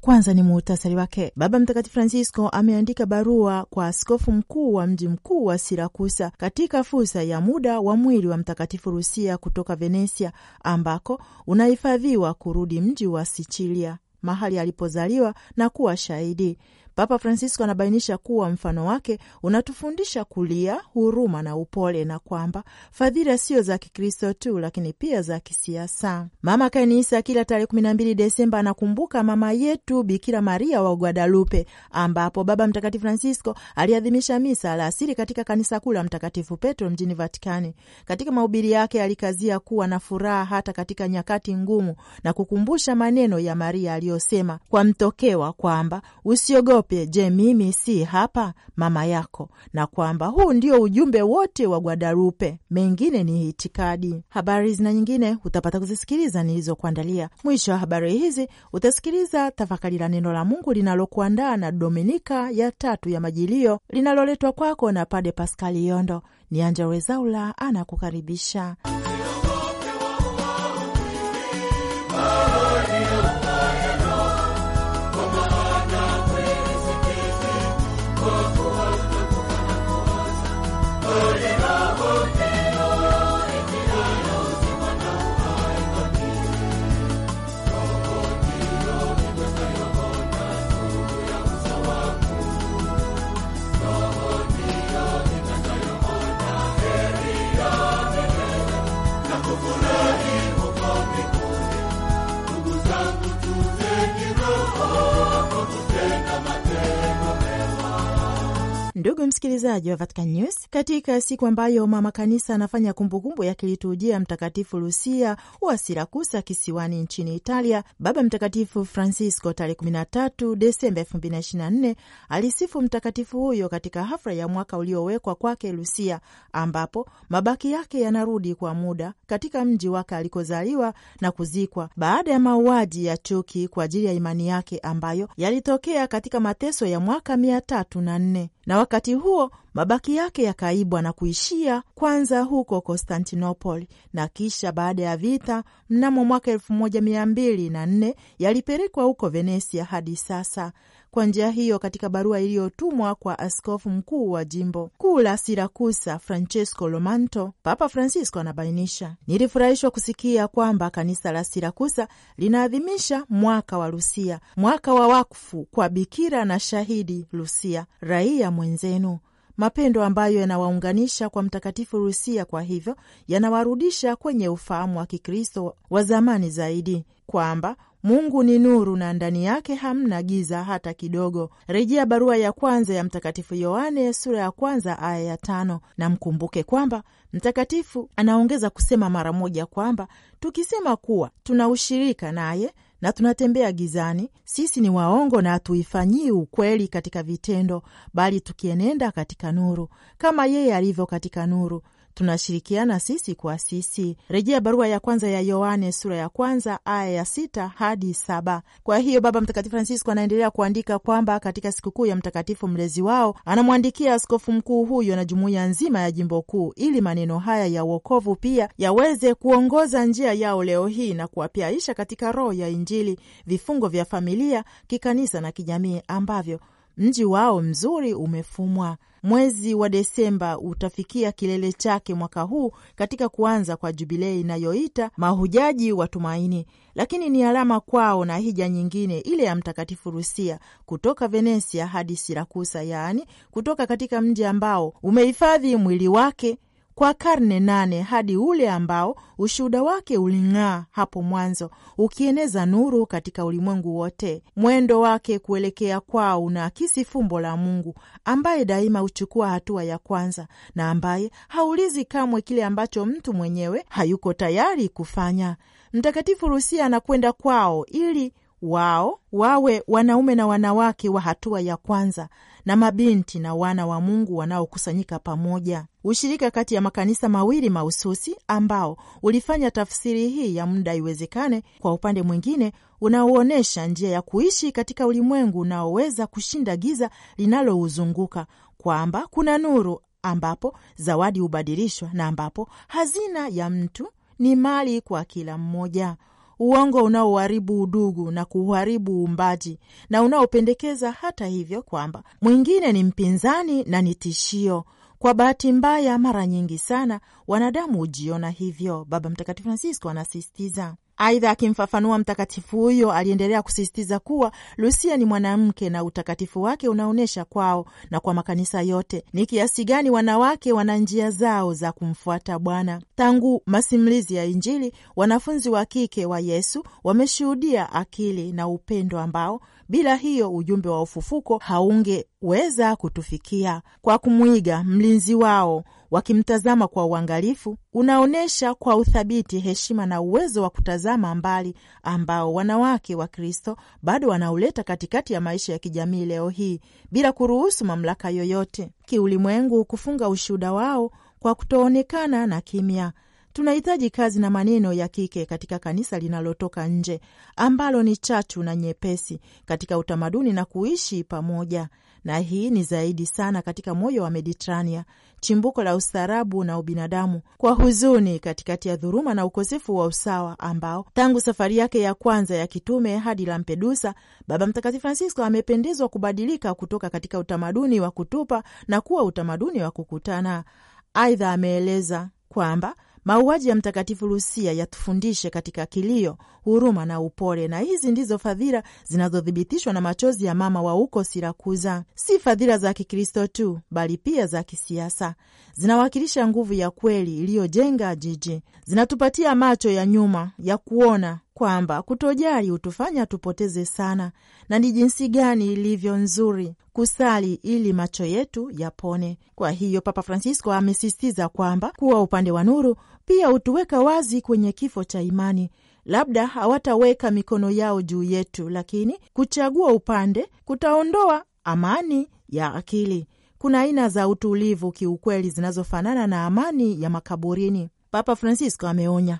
kwanza ni muhtasari wake. Baba Mtakatifu Francisco ameandika barua kwa askofu mkuu wa mji mkuu wa Sirakusa katika fursa ya muda wa mwili wa Mtakatifu Rusia kutoka Venesia, ambako unahifadhiwa kurudi mji wa Sichilia mahali alipozaliwa na kuwa shahidi. Papa Francisco anabainisha kuwa mfano wake unatufundisha kulia, huruma na upole, na kwamba fadhila sio za Kikristo tu lakini pia za kisiasa. Mama Kanisa kila tarehe 12 Desemba anakumbuka mama yetu Bikira Maria wa Guadalupe, ambapo Baba Mtakatifu Francisco aliadhimisha misa alasiri katika kanisa kuu la Mtakatifu Petro mjini Vatikani. Katika mahubiri yake alikazia kuwa na furaha hata katika nyakati ngumu na kukumbusha maneno ya Maria aliyosema kwa mtokewa kwamba usiogope Ethiopia, je, mimi si hapa mama yako? Na kwamba huu ndio ujumbe wote wa Guadalupe, mengine ni itikadi. Habari zina nyingine utapata kuzisikiliza nilizokuandalia. Mwisho wa habari hizi utasikiliza tafakari la neno la Mungu linalokuandaa na Dominika ya tatu ya Majilio, linaloletwa kwako na Pade Paskali Yondo. Ni Anja Wezaula anakukaribisha. Lord. Ndugu msikilizaji wa Vatican News, katika siku ambayo mama kanisa anafanya kumbukumbu ya kiliturujia Mtakatifu Lusia wa Sirakusa kisiwani nchini Italia, Baba Mtakatifu Francisco tarehe 13 Desemba 2024 alisifu mtakatifu huyo katika hafla ya mwaka uliowekwa kwake Lusia, ambapo mabaki yake yanarudi kwa muda katika mji wake alikozaliwa na kuzikwa baada ya mauaji ya chuki kwa ajili ya imani yake ambayo yalitokea katika mateso ya mwaka mia na nne na Wakati huo mabaki yake yakaibwa na kuishia kwanza huko Konstantinopoli, na kisha baada ya vita mnamo mwaka elfu moja mia mbili na nne yalipelekwa huko Venesia hadi sasa. Kwa njia hiyo, katika barua iliyotumwa kwa askofu mkuu wa jimbo kuu la Sirakusa Francesco Lomanto, Papa Francisco anabainisha, nilifurahishwa kusikia kwamba kanisa la Sirakusa linaadhimisha mwaka wa Lusia, mwaka wa wakfu kwa Bikira na shahidi Lusia, raia mwenzenu mapendo ambayo yanawaunganisha kwa Mtakatifu Rusia, kwa hivyo yanawarudisha kwenye ufahamu wa Kikristo wa zamani zaidi, kwamba Mungu ni nuru na ndani yake hamna giza hata kidogo. Rejea barua ya kwanza ya Mtakatifu Yohane sura ya kwanza aya ya tano. Na mkumbuke kwamba mtakatifu anaongeza kusema mara moja kwamba tukisema kuwa tuna ushirika naye na tunatembea gizani, sisi ni waongo na hatuifanyii ukweli katika vitendo, bali tukienenda katika nuru kama yeye alivyo katika nuru tunashirikiana sisi kwa sisi. Rejea barua ya kwanza ya Yohane sura ya kwanza aya ya sita hadi saba. Kwa hiyo Baba Mtakatifu Francisco anaendelea kuandika kwamba katika sikukuu ya mtakatifu mlezi wao anamwandikia askofu mkuu huyo na jumuiya nzima ya jimbo kuu, ili maneno haya ya uokovu pia yaweze kuongoza njia yao leo hii na kuwapyaisha katika roho ya Injili vifungo vya familia, kikanisa na kijamii ambavyo mji wao mzuri umefumwa. Mwezi wa Desemba utafikia kilele chake mwaka huu katika kuanza kwa jubilei inayoita mahujaji wa tumaini, lakini ni alama kwao na hija nyingine ile ya Mtakatifu Rusia kutoka Venesia hadi Sirakusa, yaani kutoka katika mji ambao umehifadhi mwili wake kwa karne nane hadi ule ambao ushuhuda wake uling'aa hapo mwanzo, ukieneza nuru katika ulimwengu wote. Mwendo wake kuelekea kwao unaakisi fumbo la Mungu ambaye daima huchukua hatua ya kwanza na ambaye haulizi kamwe kile ambacho mtu mwenyewe hayuko tayari kufanya. Mtakatifu Rusia anakwenda kwao ili wao wawe wanaume na wanawake wa hatua ya kwanza na mabinti na wana wa Mungu wanaokusanyika pamoja. Ushirika kati ya makanisa mawili mahususi ambao ulifanya tafsiri hii ya muda iwezekane, kwa upande mwingine unaoonyesha njia ya kuishi katika ulimwengu unaoweza kushinda giza linalouzunguka, kwamba kuna nuru ambapo zawadi hubadilishwa na ambapo hazina ya mtu ni mali kwa kila mmoja uongo unaoharibu udugu na kuharibu uumbaji na unaopendekeza hata hivyo kwamba mwingine ni mpinzani na ni tishio. Kwa bahati mbaya, mara nyingi sana wanadamu hujiona hivyo, Baba Mtakatifu Francisco anasisitiza. Aidha, akimfafanua mtakatifu huyo aliendelea kusisitiza kuwa Lusia ni mwanamke na utakatifu wake unaonyesha kwao na kwa makanisa yote ni kiasi gani wanawake wana njia zao za kumfuata Bwana. Tangu masimulizi ya Injili, wanafunzi wa kike wa Yesu wameshuhudia akili na upendo ambao bila hiyo ujumbe wa ufufuko haungeweza kutufikia. Kwa kumwiga mlinzi wao wakimtazama kwa uangalifu, unaonyesha kwa uthabiti heshima na uwezo wa kutazama mbali ambao wanawake wa Kristo bado wanauleta katikati ya maisha ya kijamii leo hii bila kuruhusu mamlaka yoyote kiulimwengu kufunga ushuhuda wao kwa kutoonekana na kimya. Tunahitaji kazi na maneno ya kike katika kanisa linalotoka nje, ambalo ni chachu na nyepesi katika utamaduni na kuishi pamoja na hii ni zaidi sana katika moyo wa Mediterania, chimbuko la ustaarabu na ubinadamu, kwa huzuni katikati ya dhuruma na ukosefu wa usawa ambao tangu safari yake ya kwanza ya kitume hadi Lampedusa, Baba Mtakatifu Francisco amependezwa kubadilika kutoka katika utamaduni wa kutupa na kuwa utamaduni wa kukutana. Aidha, ameeleza kwamba Mauaji ya Mtakatifu Lusia yatufundishe katika kilio, huruma na upole, na hizi ndizo fadhila zinazothibitishwa na machozi ya mama wa huko Sirakuza. Si fadhila za Kikristo tu, bali pia za kisiasa. Zinawakilisha nguvu ya kweli iliyojenga jiji, zinatupatia macho ya nyuma ya kuona kwamba kutojali hutufanya tupoteze sana, na ni jinsi gani ilivyo nzuri kusali ili macho yetu yapone. Kwa hiyo Papa Francisco amesisitiza kwamba kuwa upande wa nuru pia hutuweka wazi kwenye kifo cha imani. Labda hawataweka mikono yao juu yetu, lakini kuchagua upande kutaondoa amani ya akili. Kuna aina za utulivu kiukweli zinazofanana na amani ya makaburini, Papa Francisco ameonya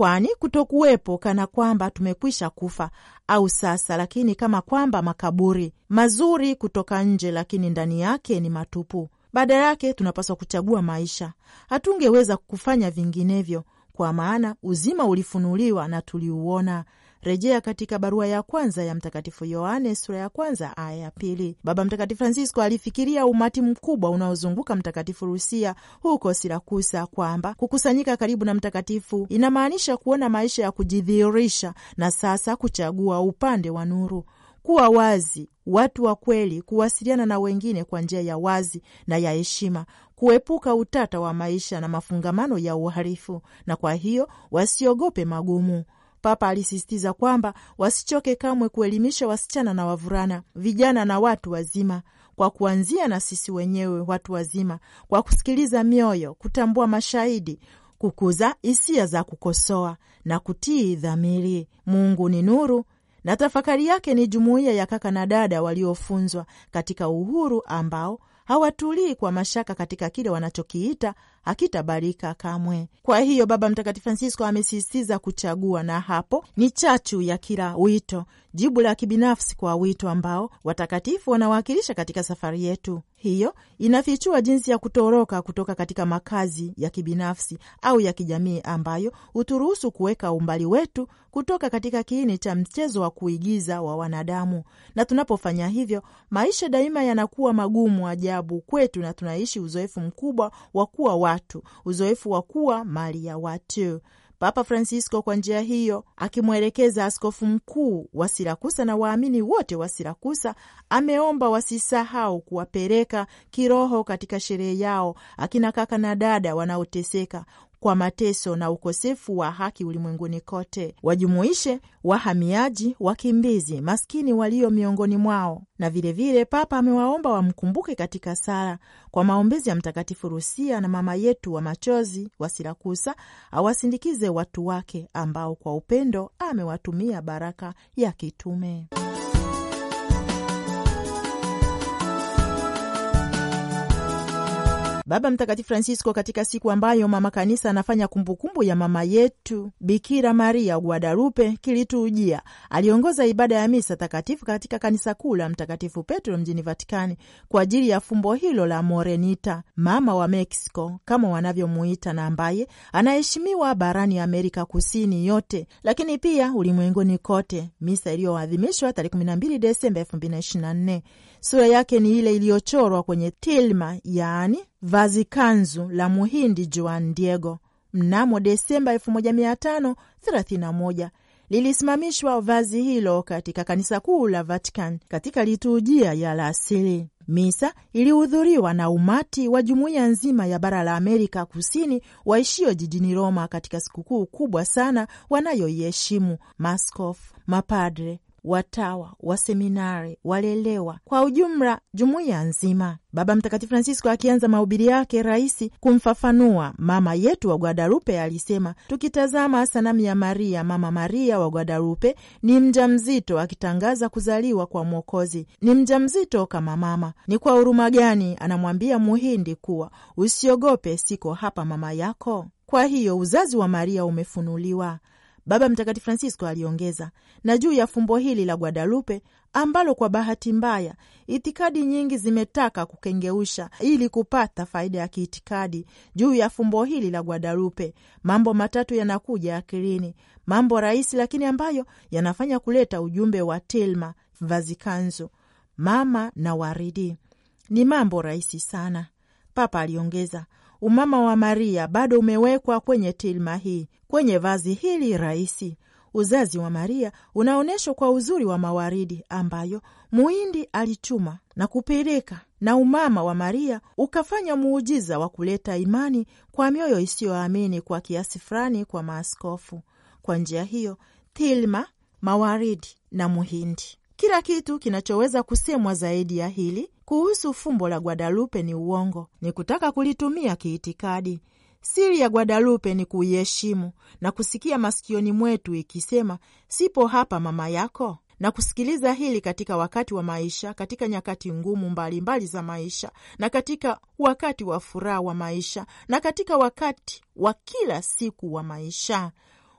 kwani kutokuwepo kana kwamba tumekwisha kufa au sasa, lakini kama kwamba makaburi mazuri kutoka nje, lakini ndani yake ni matupu. Badala yake tunapaswa kuchagua maisha. Hatungeweza kufanya vinginevyo, kwa maana uzima ulifunuliwa na tuliuona, Rejea katika barua ya kwanza ya Mtakatifu Yohane sura ya kwanza aya ya pili. Baba Mtakatifu Francisco alifikiria umati mkubwa unaozunguka Mtakatifu Rusia huko Sirakusa, kwamba kukusanyika karibu na mtakatifu inamaanisha kuona maisha ya kujidhihirisha na sasa kuchagua upande wa nuru, kuwa wazi watu wa kweli, kuwasiliana na wengine kwa njia ya wazi na ya heshima, kuepuka utata wa maisha na mafungamano ya uharifu na kwa hiyo wasiogope magumu. Papa alisisitiza kwamba wasichoke kamwe kuelimisha wasichana na wavulana, vijana na watu wazima kwa kuanzia na sisi wenyewe watu wazima, kwa kusikiliza mioyo, kutambua mashahidi, kukuza hisia za kukosoa na kutii dhamiri. Mungu ni nuru na tafakari yake ni jumuiya ya kaka na dada waliofunzwa katika uhuru ambao hawatulii kwa mashaka katika kile wanachokiita hakitabarika kamwe. Kwa hiyo Baba Mtakatifu Francisco amesisitiza kuchagua, na hapo ni chachu ya kila wito, jibu la kibinafsi kwa wito ambao watakatifu wanawakilisha katika safari yetu. Hiyo inafichua jinsi ya kutoroka kutoka katika makazi ya kibinafsi au ya kijamii ambayo huturuhusu kuweka umbali wetu kutoka katika kiini cha mchezo wa kuigiza wa wanadamu, na tunapofanya hivyo, maisha daima yanakuwa magumu ajabu kwetu na tunaishi uzoefu mkubwa wa kuwa watu, uzoefu wa kuwa mali ya watu. Papa Francisco kwa njia hiyo akimwelekeza askofu mkuu wa Sirakusa na waamini wote wa Sirakusa ameomba wasisahau kuwapeleka kiroho katika sherehe yao akina kaka na dada wanaoteseka, kwa mateso na ukosefu wa haki ulimwenguni kote. Wajumuishe wahamiaji, wakimbizi, maskini walio miongoni mwao. Na vilevile vile, Papa amewaomba wamkumbuke katika sala kwa maombezi ya Mtakatifu Rusia na mama yetu wa machozi wa Sirakusa, awasindikize watu wake ambao kwa upendo amewatumia baraka ya kitume. Baba Mtakatifu Francisco, katika siku ambayo mama kanisa anafanya kumbukumbu ya mama yetu Bikira Maria Guadalupe Kilituujia, aliongoza ibada ya misa takatifu katika kanisa kuu la Mtakatifu Petro mjini Vatikani kwa ajili ya fumbo hilo la Morenita, mama wa Mexico kama wanavyomuita, na ambaye anaheshimiwa barani Amerika Kusini yote lakini pia ulimwenguni kote, misa iliyoadhimishwa tarehe 12 Desemba 2024. Sura yake ni ile iliyochorwa kwenye tilma, yaani vazi kanzu la muhindi Juan Diego. Mnamo Desemba 1531 lilisimamishwa vazi hilo katika kanisa kuu la Vatican katika liturujia ya laasili. Misa ilihudhuriwa na umati wa jumuiya nzima ya bara la Amerika Kusini waishio jijini Roma katika sikukuu kubwa sana wanayoiheshimu: maskofu, mapadre watawa, waseminari, walelewa, kwa ujumla jumuiya nzima. Baba Mtakatifu Francisco akianza mahubiri yake rahisi kumfafanua mama yetu wa Guadalupe alisema, tukitazama sanamu ya Maria, mama Maria wa Guadalupe ni mja mzito akitangaza kuzaliwa kwa Mwokozi. Ni mja mzito kama mama. Ni kwa huruma gani anamwambia Muhindi kuwa usiogope, siko hapa mama yako? Kwa hiyo uzazi wa Maria umefunuliwa. Baba Mtakatifu Francisco aliongeza na juu ya fumbo hili la Guadalupe ambalo kwa bahati mbaya itikadi nyingi zimetaka kukengeusha ili kupata faida ya kiitikadi. Juu ya fumbo hili la Guadalupe mambo matatu yanakuja akilini, mambo rahisi lakini ambayo yanafanya kuleta ujumbe wa Telma vazikanzo mama na waridi. Ni mambo rahisi sana, Papa aliongeza, umama wa Maria bado umewekwa kwenye tilma hii, kwenye vazi hili rahisi. Uzazi wa Maria unaonyeshwa kwa uzuri wa mawaridi ambayo muhindi alichuma na kupeleka, na umama wa Maria ukafanya muujiza wa kuleta imani kwa mioyo isiyoamini kwa kiasi fulani kwa maaskofu. Kwa njia hiyo, tilma, mawaridi na muhindi kila kitu kinachoweza kusemwa zaidi ya hili kuhusu fumbo la Guadalupe ni uongo, ni kutaka kulitumia kiitikadi. Siri ya Guadalupe ni kuiheshimu na kusikia masikioni mwetu ikisema, sipo hapa mama yako, na kusikiliza hili katika wakati wa maisha, katika nyakati ngumu mbalimbali mbali za maisha, na katika wakati wa furaha wa maisha, na katika wakati wa kila siku wa maisha.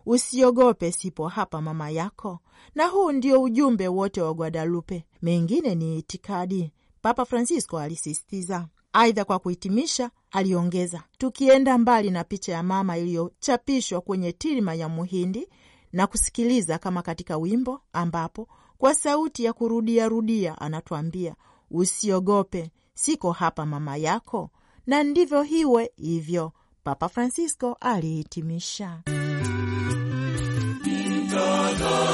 Usiogope, sipo hapa mama yako. Na huu ndio ujumbe wote wa Guadalupe. Mengine ni itikadi, Papa Francisco alisisitiza. Aidha, kwa kuhitimisha, aliongeza, tukienda mbali na picha ya mama iliyochapishwa kwenye tilima ya Muhindi na kusikiliza kama katika wimbo ambapo kwa sauti ya kurudia rudia anatuambia usiogope, siko hapa mama yako, na ndivyo hiwe hivyo, Papa Francisco alihitimisha. Lord.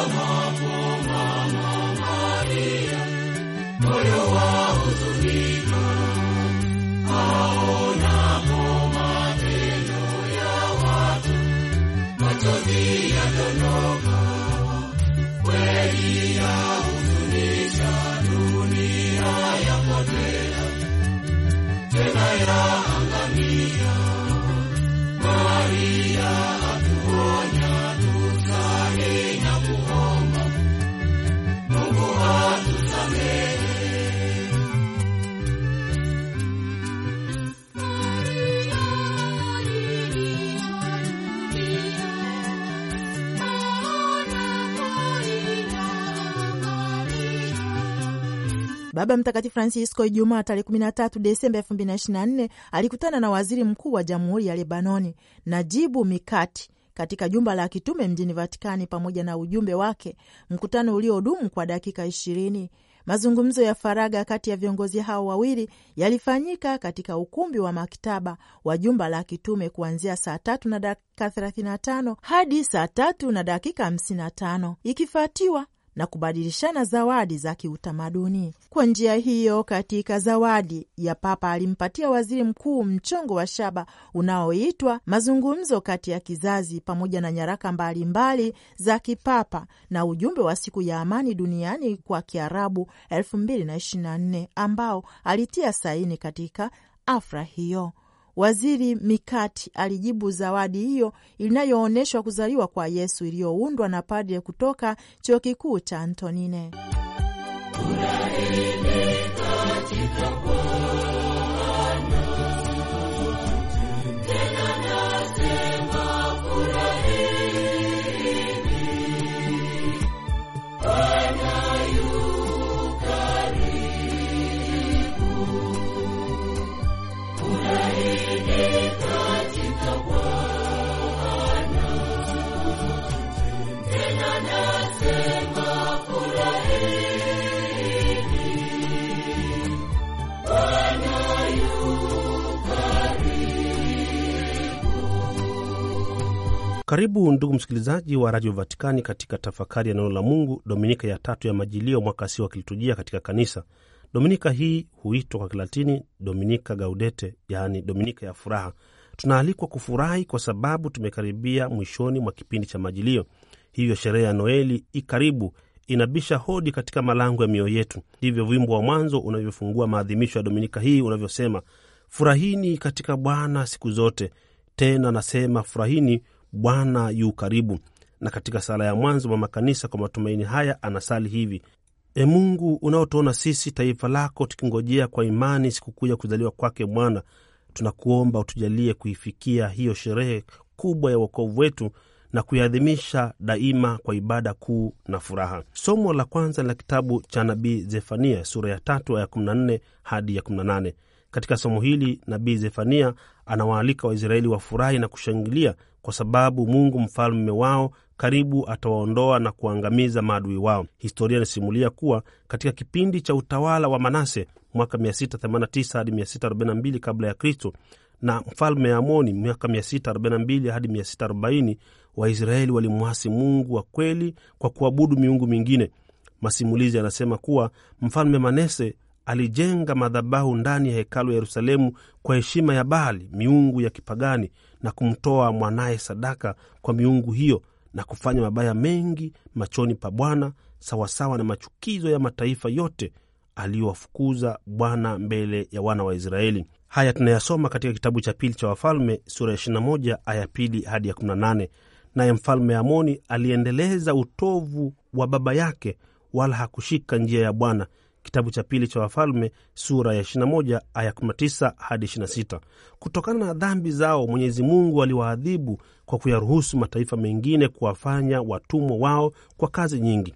Baba Mtakatifu Francisco Ijumaa tarehe 13 Desemba 2024 alikutana na waziri mkuu wa jamhuri ya Lebanoni Najibu Mikati katika jumba la kitume mjini Vatikani pamoja na ujumbe wake, mkutano uliodumu kwa dakika ishirini. Mazungumzo ya faragha kati ya viongozi hao wawili yalifanyika katika ukumbi wa maktaba wa jumba la kitume kuanzia saa tatu na dakika 35 hadi saa tatu na dakika 55 ikifuatiwa na kubadilishana zawadi za kiutamaduni. Kwa njia hiyo, katika zawadi ya Papa alimpatia waziri mkuu mchongo wa shaba unaoitwa Mazungumzo kati ya Kizazi, pamoja na nyaraka mbalimbali mbali za kipapa na ujumbe wa siku ya amani duniani kwa Kiarabu 2024 ambao alitia saini katika afra hiyo. Waziri Mikati alijibu zawadi hiyo inayoonyeshwa kuzaliwa kwa Yesu iliyoundwa na padre kutoka chuo kikuu cha Antonine. Karibu ndugu msikilizaji wa Radio Vatikani katika tafakari ya neno la Mungu, dominika ya tatu ya Majilio, mwaka si wa kiliturujia katika Kanisa. Dominika hii huitwa kwa Kilatini Dominika Gaudete, yaani Dominika ya furaha. Tunaalikwa kufurahi kwa sababu tumekaribia mwishoni mwa kipindi cha Majilio, hivyo sherehe ya Noeli ikaribu inabisha hodi katika malango ya mioyo yetu. Ndivyo wimbo wa mwanzo unavyofungua maadhimisho ya dominika hii unavyosema: furahini katika Bwana siku zote, tena nasema furahini, Bwana yu karibu. Na katika sala ya mwanzo mama kanisa kwa matumaini haya anasali hivi: E Mungu unaotuona sisi taifa lako tukingojea kwa imani sikukuu ya kuzaliwa kwake mwana, tunakuomba utujalie kuifikia hiyo sherehe kubwa ya wokovu wetu na kuiadhimisha daima kwa ibada kuu na furaha. Somo la kwanza la kitabu cha nabii Zefania sura ya tatu aya 14 hadi ya 18. Katika somo hili nabii Zefania Anawaalika Waisraeli wafurahi na kushangilia kwa sababu Mungu mfalme wao karibu atawaondoa na kuangamiza maadui wao. Historia inasimulia kuwa katika kipindi cha utawala wa Manase mwaka 689 hadi 642 kabla ya Kristo na mfalme Amoni miaka 642 hadi 640, Waisraeli walimwasi Mungu wa kweli kwa kuabudu miungu mingine. Masimulizi yanasema kuwa mfalme Manase alijenga madhabahu ndani ya hekalu ya Yerusalemu kwa heshima ya Baali, miungu ya kipagani, na kumtoa mwanaye sadaka kwa miungu hiyo na kufanya mabaya mengi machoni pa Bwana, sawasawa na machukizo ya mataifa yote aliyowafukuza Bwana mbele ya wana wa Israeli. Haya tunayasoma katika kitabu cha pili cha Wafalme sura ya 21 aya pili hadi ya 18. Naye mfalme Amoni aliendeleza utovu wa baba yake, wala hakushika njia ya Bwana, kitabu cha pili cha Wafalme sura ya 21 aya 19 hadi 26. Kutokana na dhambi zao Mwenyezi Mungu aliwaadhibu kwa kuyaruhusu mataifa mengine kuwafanya watumwa wao kwa kazi nyingi.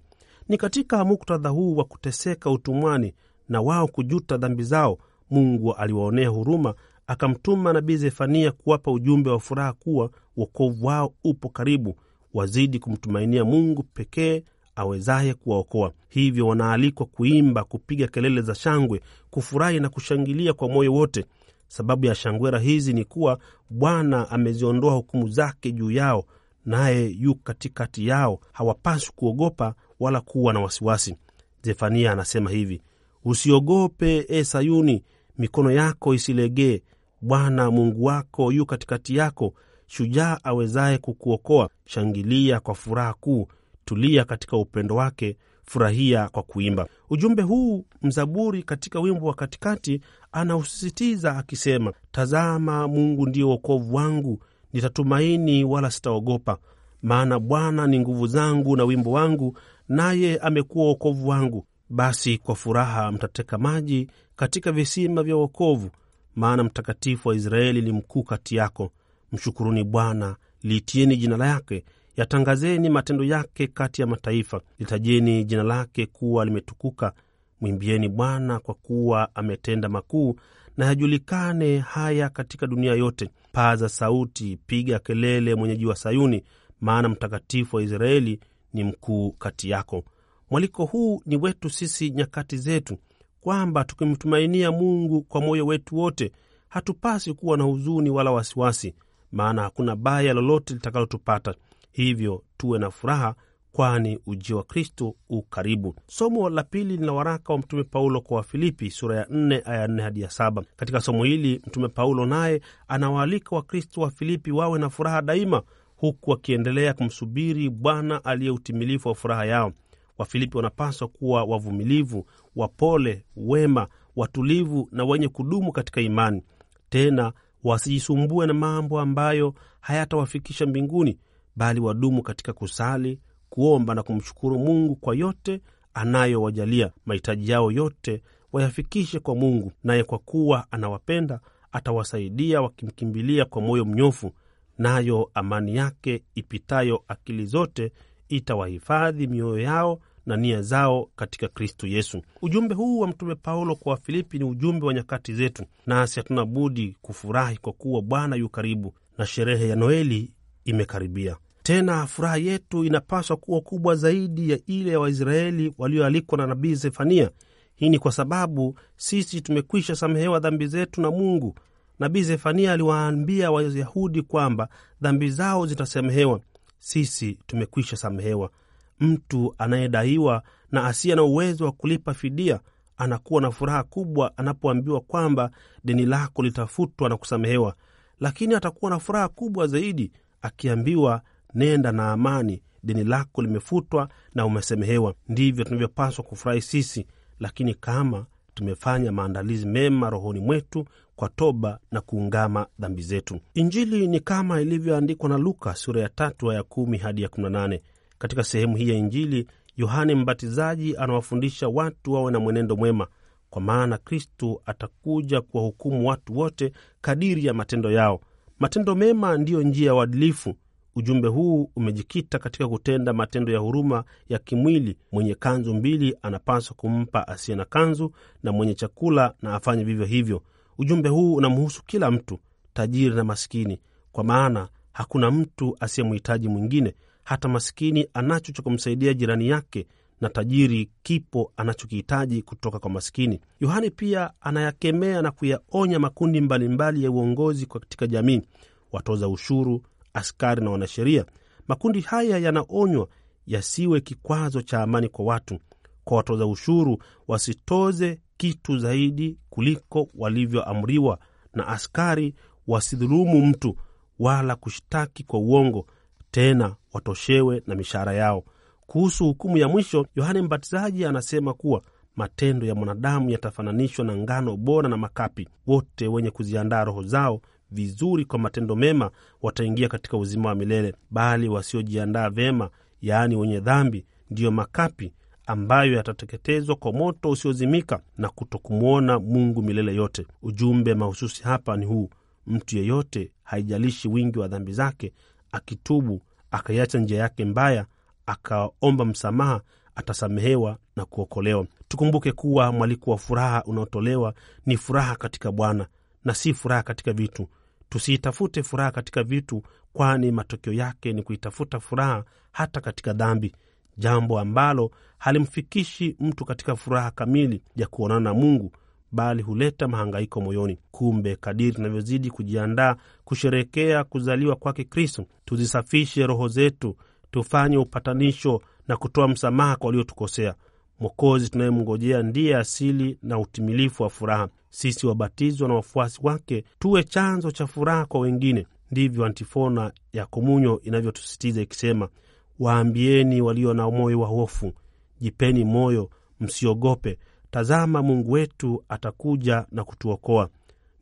Ni katika muktadha huu wa kuteseka utumwani na wao kujuta dhambi zao, Mungu aliwaonea huruma, akamtuma nabii Zefania kuwapa ujumbe wa furaha kuwa wokovu wao upo karibu, wazidi kumtumainia Mungu pekee awezaye kuwaokoa. Hivyo wanaalikwa kuimba, kupiga kelele za shangwe, kufurahi na kushangilia kwa moyo wote. Sababu ya shangwera hizi ni kuwa Bwana ameziondoa hukumu zake juu yao, naye yu katikati yao. Hawapaswi kuogopa wala kuwa na wasiwasi. Zefania anasema hivi: usiogope e Sayuni, mikono yako isilegee. Bwana Mungu wako yu katikati yako, shujaa awezaye kukuokoa. Shangilia kwa furaha kuu, tulia katika upendo wake, furahia kwa kuimba. Ujumbe huu mzaburi katika wimbo wa katikati anausisitiza akisema, tazama, Mungu ndiyo wokovu wangu, nitatumaini wala sitaogopa, maana Bwana ni nguvu zangu na wimbo wangu, naye amekuwa wokovu wangu. Basi kwa furaha mtateka maji katika visima vya wokovu, maana mtakatifu wa Israeli ni mkuu kati yako. Mshukuruni Bwana, liitieni jina lake Yatangazeni matendo yake kati ya mataifa, litajeni jina lake kuwa limetukuka. Mwimbieni Bwana kwa kuwa ametenda makuu, na yajulikane haya katika dunia yote. Paza sauti, piga kelele, mwenyeji wa Sayuni, maana mtakatifu wa Israeli ni mkuu kati yako. Mwaliko huu ni wetu sisi nyakati zetu, kwamba tukimtumainia Mungu kwa moyo wetu wote, hatupasi kuwa na huzuni wala wasiwasi, maana hakuna baya lolote litakalotupata, hivyo tuwe na furaha, kwani ujio wa Kristo u karibu. Somo la pili ni la waraka wa Mtume Paulo kwa Wafilipi sura ya 4 aya 4 hadi ya 7. Katika somo hili Mtume Paulo naye anawaalika Wakristo wa Filipi wawe na furaha daima, huku wakiendelea kumsubiri Bwana aliye utimilifu wa furaha yao. Wafilipi wanapaswa kuwa wavumilivu, wapole, wema, watulivu na wenye kudumu katika imani. Tena wasijisumbue na mambo ambayo hayatawafikisha mbinguni, bali wadumu katika kusali, kuomba na kumshukuru Mungu kwa yote anayowajalia. Mahitaji yao yote wayafikishe kwa Mungu, naye kwa kuwa anawapenda atawasaidia wakimkimbilia kwa moyo mnyofu, nayo amani yake ipitayo akili zote itawahifadhi mioyo yao na nia zao katika Kristo Yesu. Ujumbe huu wa Mtume Paulo kwa Wafilipi ni ujumbe wa nyakati zetu, nasi hatuna budi kufurahi kwa kuwa Bwana yu karibu, na sherehe ya Noeli imekaribia. Tena furaha yetu inapaswa kuwa kubwa zaidi ya ile ya Waisraeli walioalikwa na nabii Zefania. Hii ni kwa sababu sisi tumekwisha samehewa dhambi zetu na Mungu. Nabii Zefania aliwaambia Wayahudi kwamba dhambi zao zitasamehewa. Sisi tumekwisha samehewa. Mtu anayedaiwa na asiye na uwezo wa kulipa fidia anakuwa na furaha kubwa anapoambiwa kwamba deni lako litafutwa na kusamehewa, lakini atakuwa na furaha kubwa zaidi akiambiwa nenda na amani, deni lako limefutwa na umesemehewa. Ndivyo tunavyopaswa kufurahi sisi, lakini kama tumefanya maandalizi mema rohoni mwetu kwa toba na kuungama dhambi zetu. Injili ni kama ilivyoandikwa na Luka sura ya tatu aya ya kumi hadi ya kumi na nane. Katika sehemu hii ya Injili, Yohane Mbatizaji anawafundisha watu wawe na mwenendo mwema, kwa maana Kristu atakuja kuwahukumu watu wote kadiri ya matendo yao. Matendo mema ndiyo njia ya uadilifu. Ujumbe huu umejikita katika kutenda matendo ya huruma ya kimwili. Mwenye kanzu mbili anapaswa kumpa asiye na kanzu, na mwenye chakula na afanye vivyo hivyo. Ujumbe huu unamhusu kila mtu, tajiri na masikini kwa maana hakuna mtu asiyemhitaji mwingine. Hata masikini anacho cha kumsaidia jirani yake, na tajiri kipo anachokihitaji kutoka kwa masikini. yohani pia anayakemea na kuyaonya makundi mbalimbali mbali ya uongozi katika jamii: watoza ushuru, askari na wanasheria. Makundi haya yanaonywa yasiwe kikwazo cha amani kwa watu. Kwa watoza ushuru, wasitoze kitu zaidi kuliko walivyoamriwa, na askari wasidhulumu mtu wala kushtaki kwa uongo, tena watoshewe na mishahara yao. Kuhusu hukumu ya mwisho, Yohane Mbatizaji anasema kuwa matendo ya mwanadamu yatafananishwa na ngano bora na makapi. Wote wenye kuziandaa roho zao vizuri kwa matendo mema wataingia katika uzima wa milele, bali wasiojiandaa vyema, yaani wenye dhambi, ndiyo makapi ambayo yatateketezwa kwa moto usiozimika na kutokumwona Mungu milele yote. Ujumbe mahususi hapa ni huu: mtu yeyote, haijalishi wingi wa dhambi zake, akitubu akaiacha njia yake mbaya akaomba msamaha atasamehewa na kuokolewa. Tukumbuke kuwa mwaliko wa furaha unaotolewa ni furaha katika Bwana na si furaha katika vitu. Tusiitafute furaha katika vitu, kwani matokeo yake ni kuitafuta furaha hata katika dhambi, jambo ambalo halimfikishi mtu katika furaha kamili ya kuonana na Mungu, bali huleta mahangaiko moyoni. Kumbe kadiri tunavyozidi kujiandaa kusherekea kuzaliwa kwake Kristo, tuzisafishe roho zetu tufanye upatanisho na kutoa msamaha kwa waliotukosea. Mwokozi tunayemngojea ndiye asili na utimilifu wa furaha. Sisi wabatizwa na wafuasi wake tuwe chanzo cha furaha kwa wengine. Ndivyo antifona ya komunyo inavyotusisitiza ikisema, waambieni walio na moyo wa hofu, jipeni moyo, msiogope, tazama Mungu wetu atakuja na kutuokoa.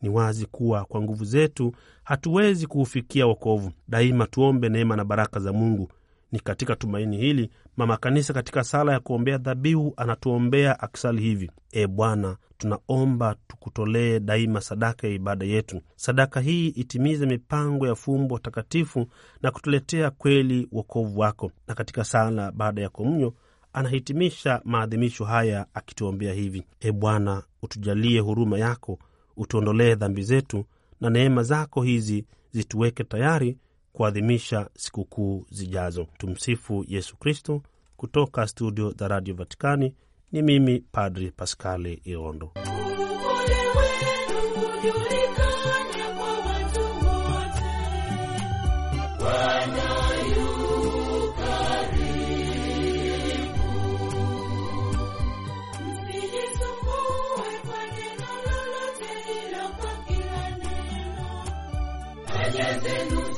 Ni wazi kuwa kwa nguvu zetu hatuwezi kuufikia wokovu. Daima tuombe neema na baraka za Mungu ni katika tumaini hili Mama Kanisa katika sala ya kuombea dhabihu anatuombea akisali hivi: E Bwana, tunaomba tukutolee daima sadaka ya ibada yetu. Sadaka hii itimize mipango ya fumbo takatifu na kutuletea kweli wokovu wako. Na katika sala baada ya komunyo anahitimisha maadhimisho haya akituombea hivi: E Bwana, utujalie huruma yako, utuondolee dhambi zetu, na neema zako hizi zituweke tayari kuadhimisha sikukuu zijazo. Tumsifu Yesu Kristo. Kutoka studio za Radio Vatikani ni mimi Padri Paskali Iondo.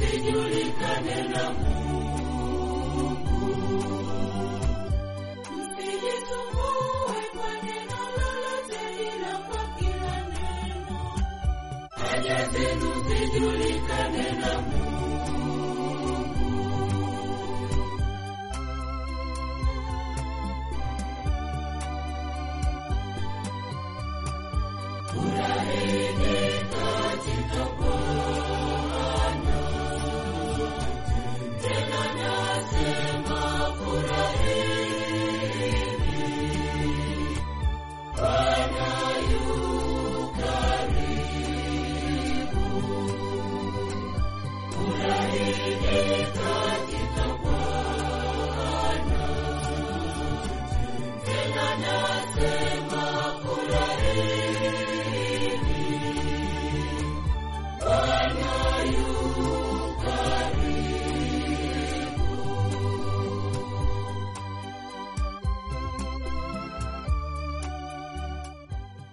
msijulikane na Mungu. Msijisumbue kwa neno lolote, ila kwa kila neno haja zenu zijulikane na Mungu.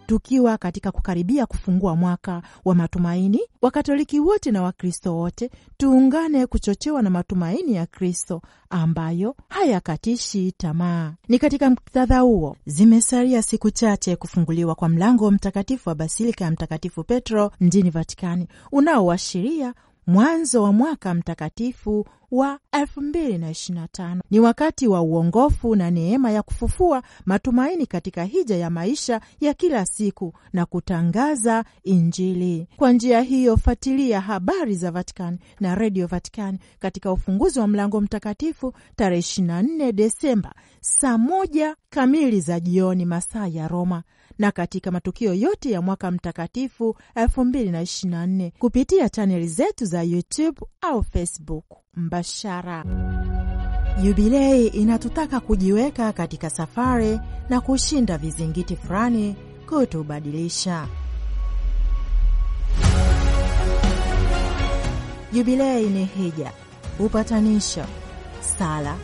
tukiwa katika kukaribia kufungua mwaka wa matumaini, Wakatoliki wote na Wakristo wote tuungane kuchochewa na matumaini ya Kristo ambayo hayakatishi tamaa. Ni katika muktadha huo, zimesalia siku chache kufunguliwa kwa mlango mtakatifu wa basilika ya Mtakatifu Petro mjini Vatikani unaoashiria mwanzo wa mwaka mtakatifu wa 2025 ni wakati wa uongofu na neema ya kufufua matumaini katika hija ya maisha ya kila siku na kutangaza Injili. Kwa njia hiyo, fatilia habari za Vatican na redio Vatican katika ufunguzi wa mlango mtakatifu tarehe 24 Desemba saa moja kamili za jioni masaa ya Roma na katika matukio yote ya mwaka mtakatifu 2024 kupitia chaneli zetu za YouTube au Facebook mbashara. Yubilei inatutaka kujiweka katika safari na kushinda vizingiti fulani kutubadilisha. Jubilei ni hija, upatanisho, sala,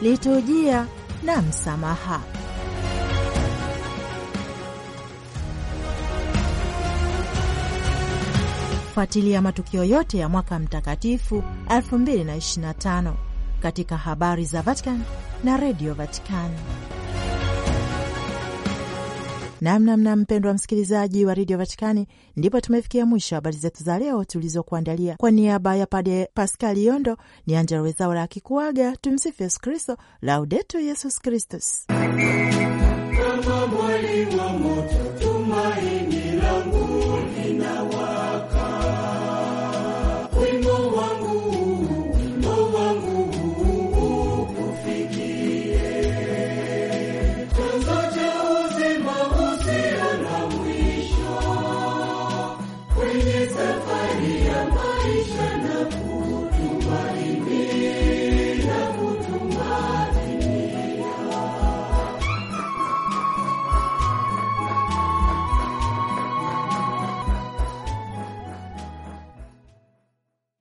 liturujia na msamaha. kufuatilia matukio yote ya mwaka mtakatifu 2025 katika habari za Vatican na redio Vatican. Namnamna mpendwa msikilizaji wa redio Vatikani, ndipo tumefikia mwisho habari zetu za leo tulizokuandalia. Kwa niaba ya Pade Paskali Yondo ni Angela Wezaura akikuaga. Tumsifu Yesu Kristo, laudetu Yesus Kristus.